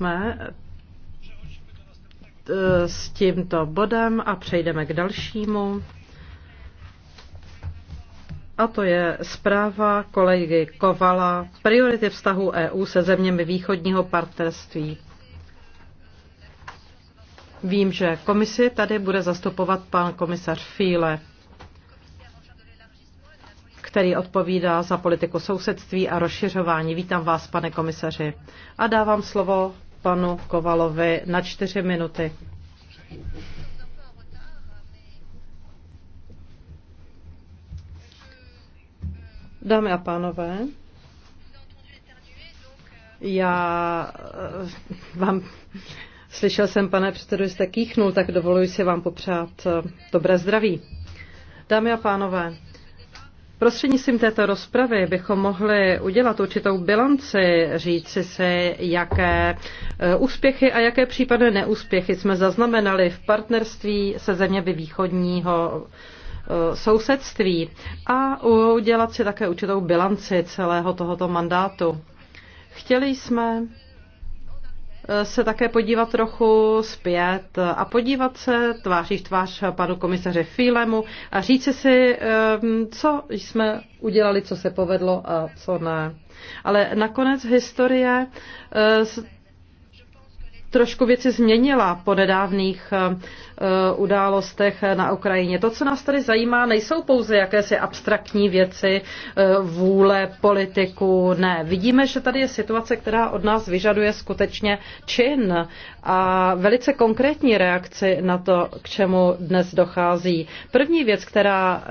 jsme e, s tímto bodem a přejdeme k dalšímu. A to je zpráva kolegy Kovala Priority vztahu EU se zeměmi východního partnerství. Vím, že komisi tady bude zastupovat pan komisař Fíle, který odpovídá za politiku sousedství a rozšiřování. Vítám vás, pane komisaři. A dávám slovo panu Kovalovi na čtyři minuty. Dámy a pánové, já eh, vám, slyšel jsem, pane předsedo, jste kýchnul, tak dovoluji si vám popřát eh, dobré zdraví. Dámy a pánové, Prostřednictvím této rozpravy bychom mohli udělat určitou bilanci, říci si, jaké e, úspěchy a jaké případné neúspěchy jsme zaznamenali v partnerství se zeměmi východního e, sousedství a udělat si také určitou bilanci celého tohoto mandátu. Chtěli jsme se také podívat trochu zpět a podívat se tváří v tvář panu komisaře Fílemu a říci si, ehm, co jsme udělali, co se povedlo a co ne. Ale nakonec historie eh, trošku věci změnila po nedávných eh, eh, událostech na Ukrajině. To, co nás tady zajímá, nejsou pouze jakési abstraktní věci, eh, vůle politiku. ne. Vidíme, že tady je situace, která od nás vyžaduje skutečně čin a velice konkrétní reakci na to, k čemu dnes dochází. První věc, která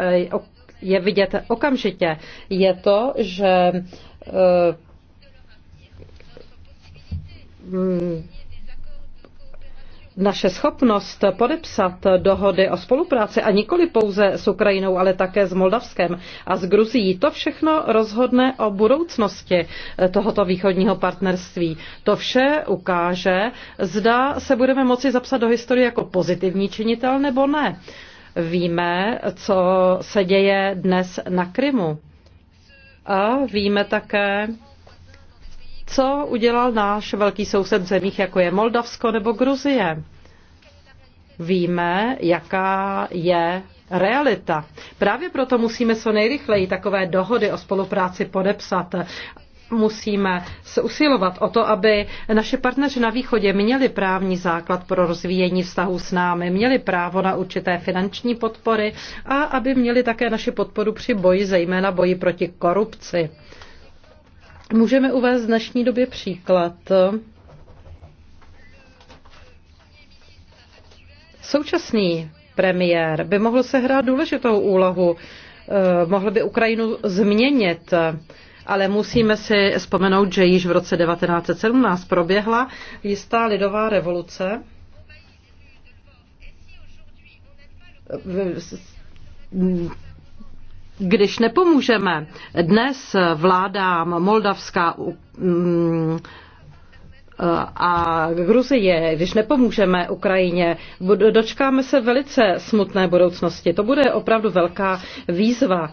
je vidět okamžitě, je to, že mm, naše schopnost podepsat dohody o spolupráci a nikoli pouze s Ukrajinou, ale také s Moldavskem a s Gruzií, to všechno rozhodne o budoucnosti tohoto východního partnerství. To vše ukáže, zda se budeme moci zapsat do historie jako pozitivní činitel nebo ne. Víme, co se děje dnes na Krymu. A víme také, co udělal náš velký soused v zemích, jako je Moldavsko nebo Gruzie. Víme, jaká je realita. Právě proto musíme co nejrychleji takové dohody o spolupráci podepsat. Musíme se usilovat o to, aby naše partneři na východě měli právní základ pro rozvíjení vztahů s námi, měli právo na určité finanční podpory a aby měli také naši podporu při boji, zejména boji proti korupci. Můžeme uvést v dnešní době příklad. Současný premiér by mohl sehrát důležitou úlohu, eh, mohl by Ukrajinu změnit, ale musíme si vzpomenout, že již v roce 1917 proběhla jistá lidová revoluce. V když nepomůžeme dnes vládám Moldavská mm, a Gruzie, když nepomůžeme Ukrajině, dočkáme se velice smutné budoucnosti. To bude opravdu velká výzva.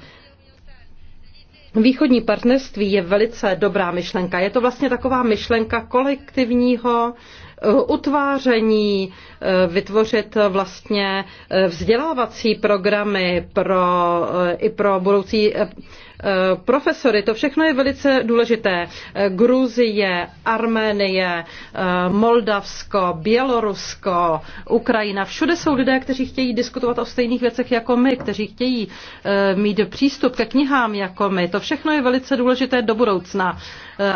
Východní partnerství je velice dobrá myšlenka. Je to vlastně taková myšlenka kolektivního eh, utváření, eh, vytvořit vlastně eh, vzdělávací programy pro, i pro budoucí Eh, profesory, to všechno je velice důležité. Eh, Gruzie, Arménie, eh, Moldavsko, Bělorusko, Ukrajina, všude jsou lidé, kteří chtějí diskutovat o stejných věcech jako my, kteří chtějí mít přístup ke knihám jako my. To všechno je velice důležité do budoucna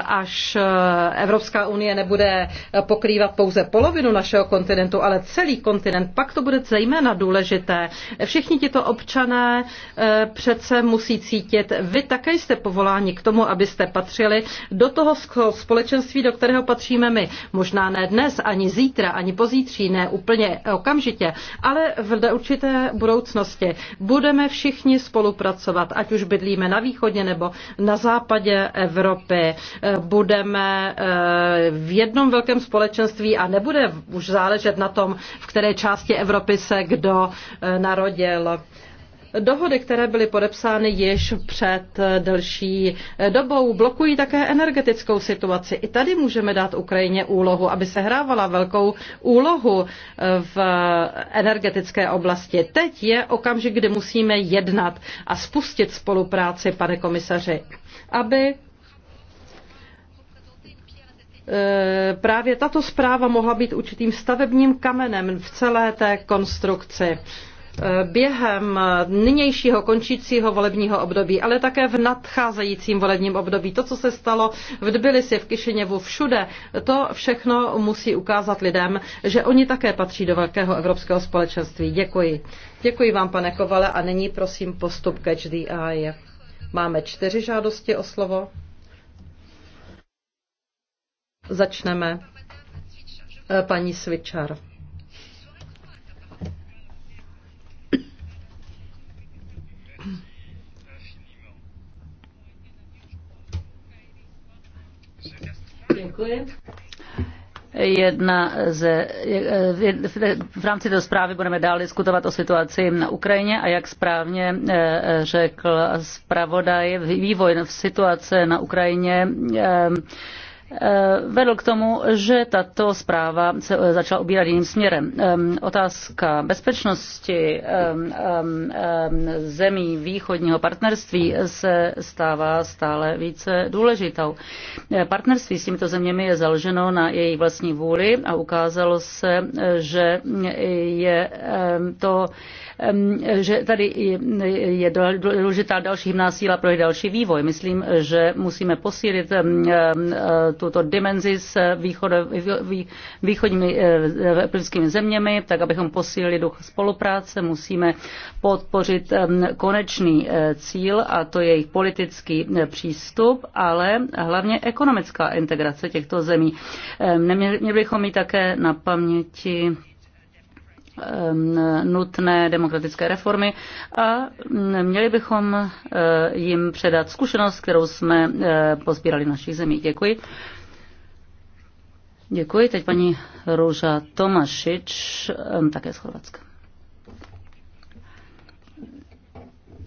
až eh, Evropská unie nebude eh, pokrývat pouze polovinu našeho kontinentu, ale celý kontinent, pak to bude zejména důležité. Všichni tito občané eh, přece musí cítit, vy také jste povoláni k tomu, abyste patřili do toho společenství, do kterého patříme my. Možná ne dnes, ani zítra, ani pozítří, ne úplně okamžitě, ale v určité budoucnosti. Budeme všichni spolupracovat, ať už bydlíme na východě nebo na západě Evropy. Eh, budeme eh, v jednom velkém společenství a nebude už záležet na tom, v které části Evropy se kdo eh, narodil. Dohody, které byly podepsány již před delší dobou, blokují také energetickou situaci. I tady můžeme dát Ukrajině úlohu, aby se hrávala velkou úlohu v energetické oblasti. Teď je okamžik, kdy musíme jednat a spustit spolupráci, pane komisaři, aby E, právě tato zpráva mohla být určitým stavebním kamenem v celé té konstrukci e, během nynějšího končícího volebního období, ale také v nadcházejícím volebním období. To, co se stalo v Tbilisi, v Kišiněvu, všude, to všechno musí ukázat lidem, že oni také patří do velkého evropského společenství. Děkuji. Děkuji vám, pane Kovale, a nyní prosím postup Catch the Eye. Máme čtyři žádosti o slovo. Začneme eh, paní Svičar. Děkuji. Jedna ze, eh, v rámci této zprávy budeme dál diskutovat o situaci na Ukrajině a jak správně eh, řekl zpravodaj, vývoj v situace na Ukrajině Eh, vedl k tomu, že tato zpráva se eh, začala ubírat jiným směrem. Ehm, otázka bezpečnosti ehm, ehm, zemí východního partnerství se stává stále více důležitou. Eh, partnerství s těmito zeměmi je založeno na její vlastní vůli a ukázalo se, že je to, že tady je důležitá další hymná síla pro další vývoj. Myslím, že musíme posílit tuto dimenzi s východ, východními eh, evropskými zeměmi, tak abychom posílili duch spolupráce, musíme podpořit eh, konečný eh, cíl a to je jejich politický přístup, ale hlavně ekonomická integrace těchto zemí. Neměli bychom mít také na paměti nutné demokratické reformy a měli bychom eh, jim předat zkušenost, kterou jsme eh, pozbírali v našich zemích. Děkuji. Děkuji. Teď paní Růža Tomašič, také z Chorvatska.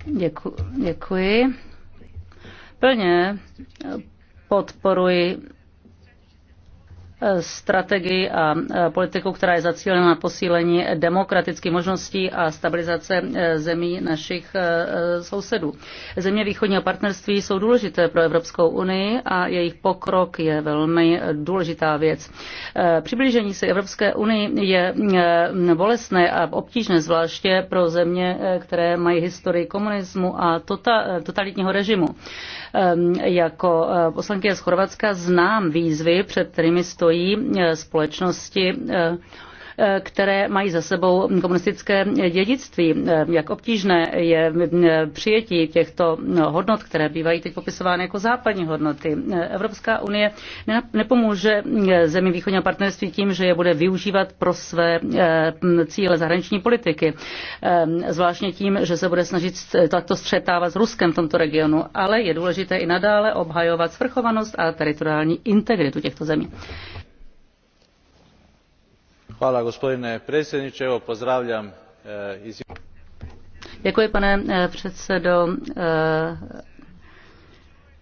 Děku, děkuji. Plně podporuji strategii a e, politiku, která je zacílena na posílení demokratických možností a stabilizace e, zemí našich e, sousedů. Země východního partnerství jsou důležité pro Evropskou unii a jejich pokrok je velmi důležitá věc. Přiblížení se Evropské unii je bolestné a obtížné, zvláště pro země, které mají historii komunismu a tota, totalitního režimu. Jako poslankyně z Chorvatska znám výzvy, před kterými stojí stojí eh, společnosti eh, které mají za sebou komunistické dědictví. Jak obtížné je přijetí těchto hodnot, které bývají teď popisovány jako západní hodnoty. Evropská unie nepomůže zemím východního partnerství tím, že je bude využívat pro své eh, cíle zahraniční politiky. Eh, zvláštně tím, že se bude snažit takto střetávat s Ruskem v tomto regionu, ale je důležité i nadále obhajovat svrchovanost a teritoriální integritu těchto zemí gospodine predsjednie pozdravljam eh, Děkuji, pane eh,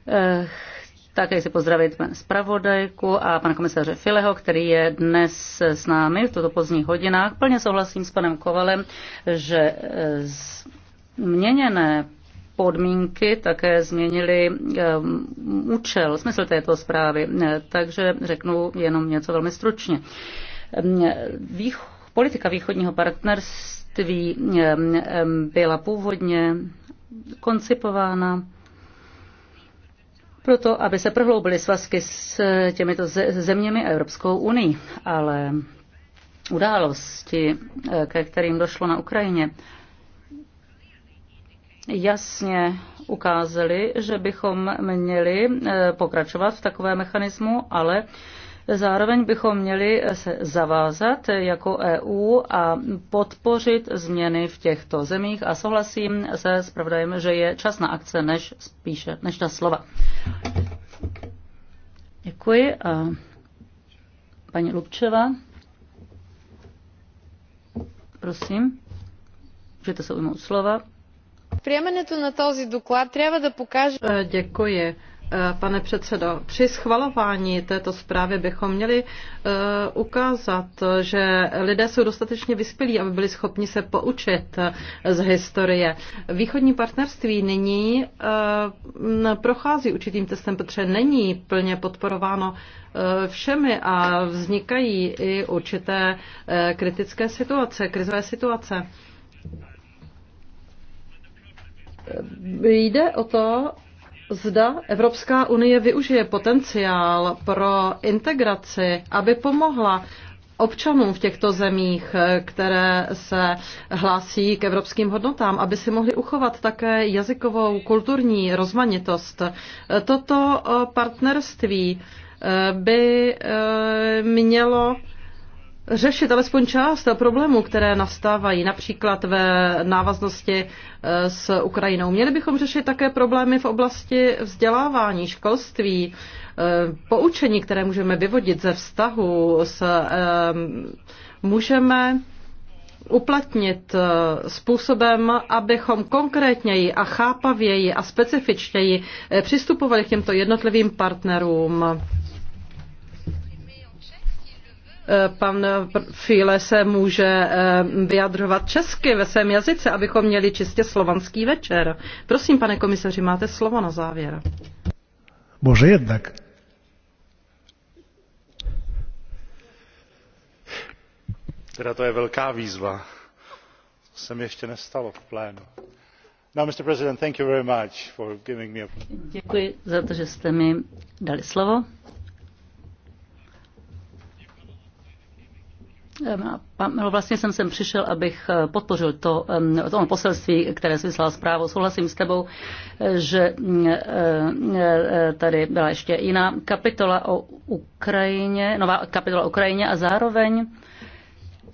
eh, Také si pozdravit zpravodajku a pana komisaře Fileho, který je dnes s námi v tuto pozdních hodinách. Plně souhlasím s panem Kovalem, že změněné podmínky také změnily účel, smysl této zprávy. Takže řeknu jenom něco velmi stručně politika východního partnerství byla původně koncipována proto, aby se prohloubily svazky s těmito zeměmi a Evropskou unii. Ale události, eh, ke kterým došlo na Ukrajině, jasně ukázaly, že bychom měli eh, pokračovat v takovém mechanismu, ale Zároveň bychom měli se zavázat jako EU a podpořit změny v těchto zemích a souhlasím se zpravodajem, že je čas na akce než spíše než na slova. Děkuji. A paní Lubčeva, prosím, můžete se ujmout slova. Приемането na този doklad, třeba, да покаже... Děkuji. Eh, pane předsedo, při schvalování této zprávy bychom měli eh, ukázat, že lidé jsou dostatečně vyspělí, aby byli schopni se poučit eh, z historie. Východní partnerství nyní prochází určitým testem, protože není plně podporováno všemi a vznikají i určité kritické situace, krizové situace. Jde o to, zda Evropská unie využije potenciál pro integraci, aby pomohla občanům v těchto zemích, které se hlásí k evropským hodnotám, aby si mohli uchovat také jazykovou kulturní rozmanitost. Toto partnerství by eh, mělo řešit alespoň část problémů, které nastávají, například ve návaznosti e, s Ukrajinou. Měli bychom řešit také problémy v oblasti vzdělávání, školství, e, poučení, které můžeme vyvodit ze vztahu, s, e, můžeme uplatnit způsobem, abychom konkrétněji a chápavěji a specifičtěji přistupovali k těmto jednotlivým partnerům. Eh, pan Fíle se může eh, vyjadřovat česky ve svém jazyce, abychom měli čistě slovanský večer. Prosím, pane komisaři, máte slovo na závěr. Bože jednak. Teda to je velká výzva. To se mi ještě nestalo v plénu. No, Mr. President, thank you very much for giving me a... Děkuji za to, že jste mi dali slovo. No, vlastně jsem sem přišel, abych eh, podpořil to, to poselství, které jsi vyslal zprávou. Souhlasím s tebou, eh, že mm, eh, tady byla ještě jiná kapitola o Ukrajině, nová kapitola o Ukrajině a zároveň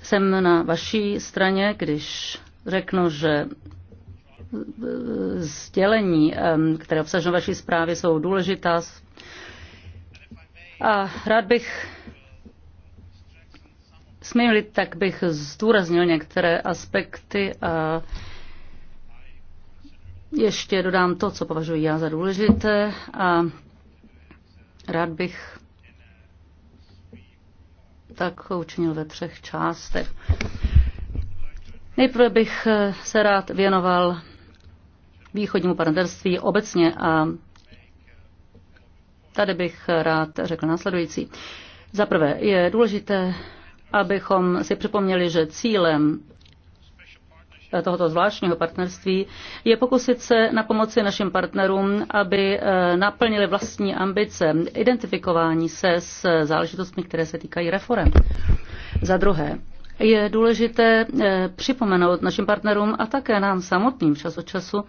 jsem na vaší straně, když řeknu, že sdělení, které obsažují vaší zprávy, jsou důležitá. A rád bych smím tak bych zdůraznil některé aspekty a ještě dodám to, co považuji já za důležité a rád bych tak učinil ve třech částech. Nejprve bych se rád věnoval východnímu partnerství obecně a tady bych rád řekl následující. Za prvé je důležité abychom si připomněli, že cílem tohoto zvláštního partnerství je pokusit se na pomoci našim partnerům, aby eh, naplnili vlastní ambice, identifikování se s záležitostmi, které se týkají reform. Za druhé, je důležité eh, připomenout našim partnerům a také nám samotným čas od času,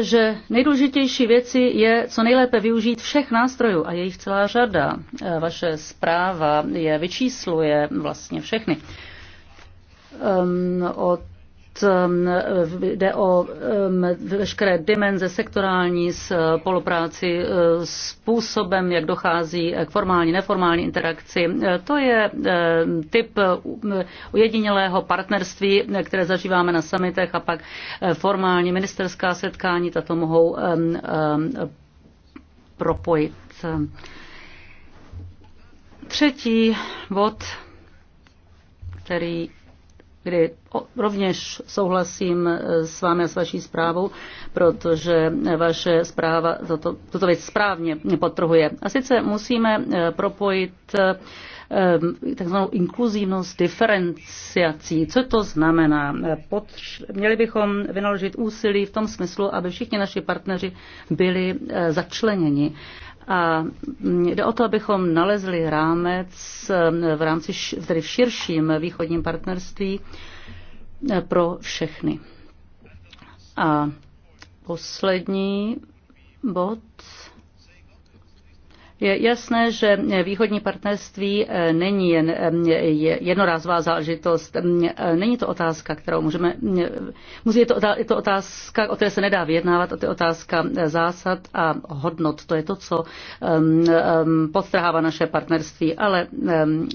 že nejdůležitější věci je co nejlépe využít všech nástrojů a jejich celá řada. E, vaše zpráva je vyčísluje vlastně všechny. Um, od Um, jde o um, veškeré dimenze sektorální uh, spolupráci, uh, způsobem, jak dochází k formální, neformální interakci. Uh, to je typ ujedinělého partnerství, které zažíváme na samitech a pak formální ministerská setkání, tato mohou um, propojit. Třetí bod, který kdy rovněž souhlasím eh, s vámi a s vaší zprávou, protože vaše zpráva toto, toto věc správně potrhuje. A sice musíme eh, propojit eh, takzvanou inkluzivnost diferenciací. Co to znamená? Potř- měli bychom vynaložit úsilí v tom smyslu, aby všichni naši partneři byli začleněni a mm, jde o to, abychom nalezli rámec mm, v rámci, tedy v širším východním partnerství mm, pro všechny. A poslední bod je jasné, že východní partnerství eh, není jen eh, jednorázová záležitost. Mm, eh, není to otázka, kterou můžeme... Mm, je to, je to otázka, o které se nedá vyjednávat, to je otázka zásad a hodnot. To je to, co ehm, ehm, podtrhává naše partnerství. Ale ehm,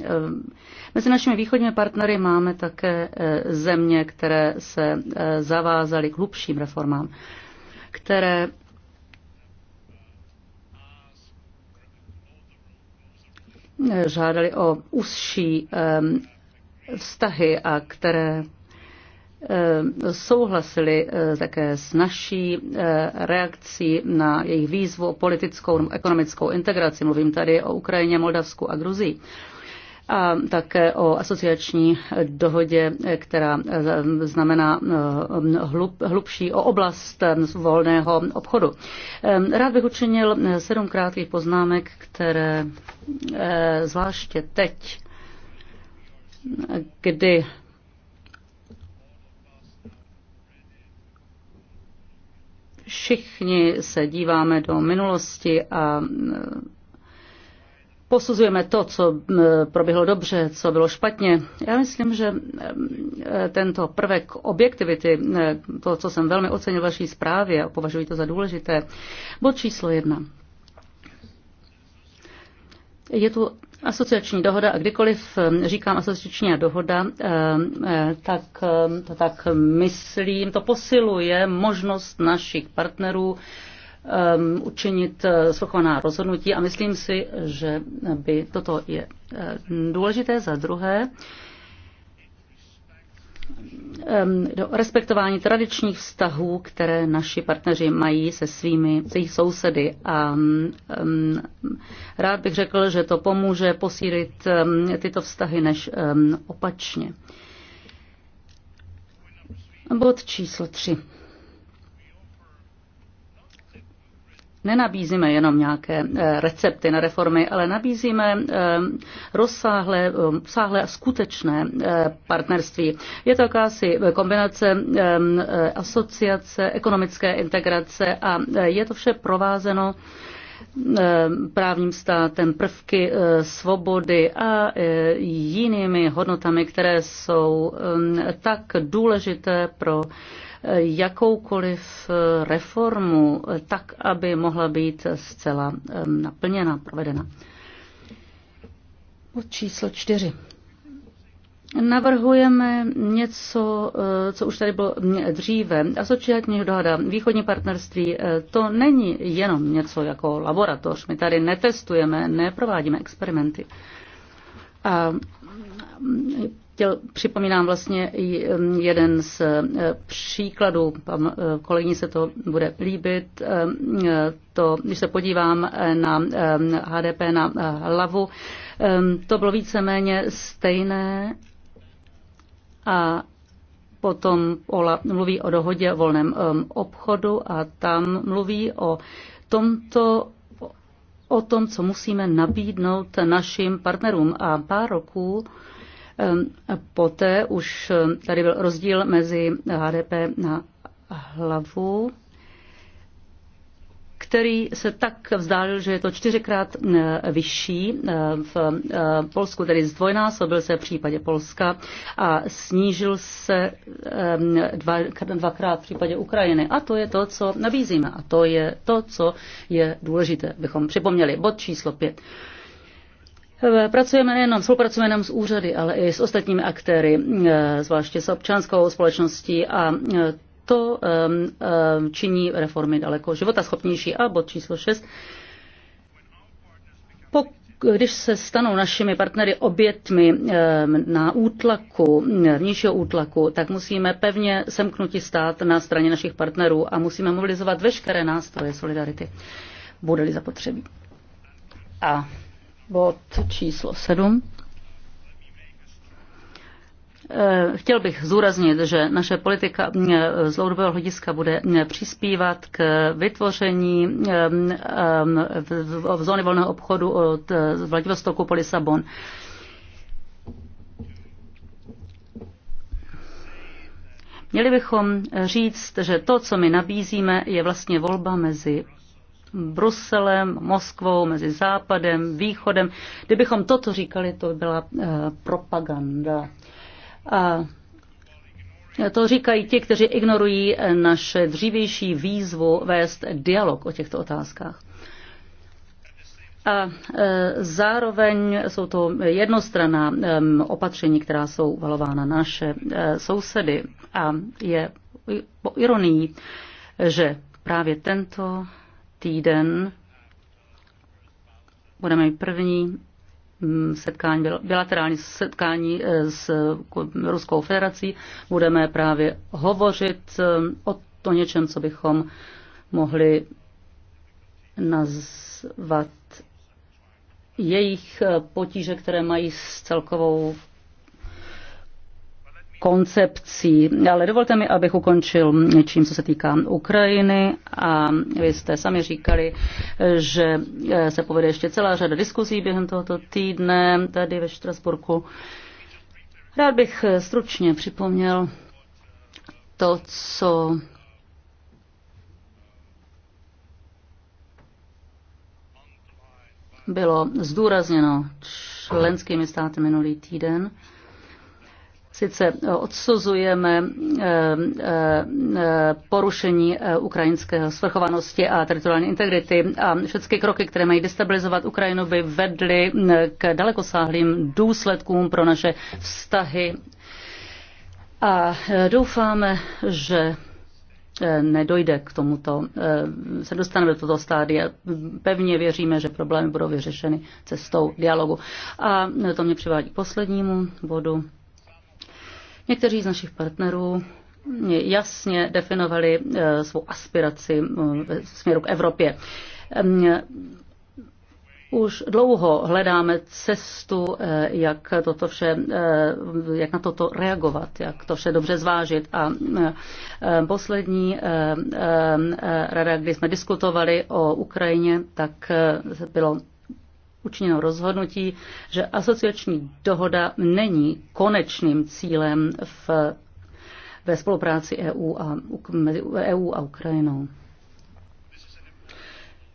mezi našimi východními partnery máme také země, které se zavázaly k hlubším reformám, které žádali o užší vztahy a které souhlasili e, také s naší e, reakcí na jejich výzvu o politickou nebo ekonomickou integraci. Mluvím tady o Ukrajině, Moldavsku a Gruzii a také o asociační dohodě, která eh, znamená eh, hlub, hlubší o oblast eh, volného obchodu. Rád bych učinil sedm krátkých poznámek, které zvláště teď, kdy všichni se díváme do minulosti a posuzujeme to, co proběhlo dobře, co bylo špatně. Já myslím, že e, tento prvek objektivity, e, to, co jsem velmi ocenil vaší zprávě a považuji to za důležité, bod číslo jedna. Je tu asociační dohoda a kdykoliv říkám asociační dohoda, e, tak, tak myslím, to posiluje možnost našich partnerů um, učinit eh, svrchovaná rozhodnutí a myslím si, že by toto je eh, důležité. Za druhé, do respektování tradičních vztahů, které naši partneři mají se svými, se jejich sousedy. A um, rád bych řekl, že to pomůže posílit um, tyto vztahy než um, opačně. Bod číslo tři. nenabízíme jenom nějaké eh, recepty na reformy, ale nabízíme eh, rozsáhlé, rozsáhlé eh, a skutečné partnerství. Je to jakási kombinace asociace, ekonomické integrace a je to vše provázeno právním státem, prvky svobody a jinými hodnotami, které jsou tak důležité pro jakoukoliv reformu tak, aby mohla být zcela naplněna, provedena. Od číslo čtyři. Navrhujeme něco, eh, co už tady bylo mm, dříve. Asociační dohada. východní partnerství, eh, to není jenom něco jako laboratoř. My tady netestujeme, neprovádíme experimenty. A chtěl, připomínám vlastně um, jeden z eh, příkladů, eh, kolegyni se to bude líbit, eh, to, když se podívám na HDP na hlavu, to bylo víceméně stejné a potom Ola mluví o dohodě o volném obchodu a tam mluví o tomto o tom, co musíme nabídnout našim partnerům. A pár roků Ehm, poté už ehm, tady byl rozdíl mezi HDP na hlavu, který se tak vzdálil, že je to čtyřikrát ehm, vyšší v Polsku, tedy zdvojnásobil se v případě Polska a snížil se dvakrát v případě Ukrajiny. A to je to, co nabízíme. A to je to, co je důležité, bychom připomněli. Bod číslo pět. Pracujeme nejenom, spolupracujeme nejenom s úřady, ale i s ostatními aktéry, eh, zvláště s občanskou společností a eh, to eh, činí reformy daleko životaschopnější. A bod číslo 6. Pokud když se stanou našimi partnery obětmi na útlaku, vnějšího útlaku, tak musíme pevně semknutí stát na straně našich partnerů a musíme mobilizovat veškeré nástroje solidarity, bude-li zapotřebí. A bod číslo 7. Eh, chtěl bych zúraznit, že naše politika eh, z dlouhodobého hlediska bude eh, přispívat k vytvoření v zóny volného obchodu od Vladivostoku po Lisabon. Měli bychom říct, že to, co my nabízíme, je vlastně volba mezi Bruselem, Moskvou, mezi Západem, Východem. Kdybychom toto říkali, to by byla eh, propaganda. A to říkají ti, kteří ignorují eh, naše dřívější výzvu vést dialog o těchto otázkách. A eh, zároveň jsou to jednostranná opatření, která jsou valována naše sousedy. A je ironií, že právě tento týden budeme mít první mm, setkání, bilaterální setkání eh, s Ruskou federací. Budeme právě hovořit eh, o to něčem, co bychom mohli nazvat jejich eh, potíže, které mají s celkovou koncepcí. Ale dovolte mi, abych ukončil něčím, co se týká Ukrajiny. A vy jste sami říkali, že eh, se povede ještě celá řada diskuzí během tohoto týdne tady ve Štrasburku. Rád bych eh, stručně připomněl to, co bylo zdůrazněno členskými státy minulý týden. Sice eh, odsuzujeme eh, eh, porušení ukrajinské svrchovanosti a teritoriální integrity a všechny kroky, které mají destabilizovat Ukrajinu, by vedly k dalekosáhlým důsledkům pro naše vztahy. A doufáme, že nedojde k tomuto, se dostaneme do toto stádia. Pevně věříme, že problémy budou vyřešeny cestou dialogu. A to mě přivádí k poslednímu bodu. Někteří z našich partnerů jasně definovali eh, svou aspiraci eh, směru k Evropě. Ehm, už dlouho hledáme cestu, eh, jak, toto vše, jak na toto reagovat, jak to vše dobře zvážit. A poslední rada, kdy jsme diskutovali o Ukrajině, tak bylo učiněno rozhodnutí, že asociační dohoda není konečným cílem v, ve spolupráci EU a, mezi EU a Ukrajinou.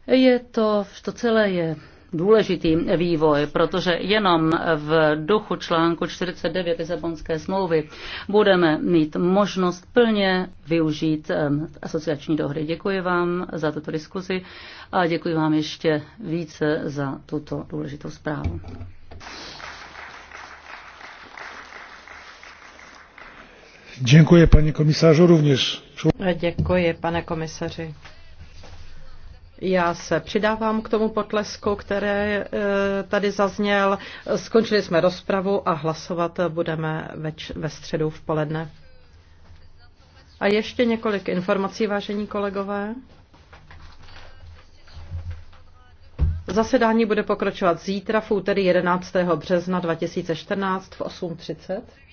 Je to, to celé je důležitý vývoj, protože jenom v duchu článku 49 Lisabonské smlouvy budeme mít možnost plně využít asociační dohody. Děkuji vám za tuto diskuzi a děkuji vám ještě více za tuto důležitou zprávu. Děkuji, paní komisářu, rovněž. Děkuji, pane komisaři. Já se přidávám k tomu potlesku, které e, tady zazněl. Skončili jsme rozpravu a hlasovat budeme ve středu v poledne. A ještě několik informací, vážení kolegové. Zasedání bude pokračovat zítra v úterý 11. března 2014 v 8.30.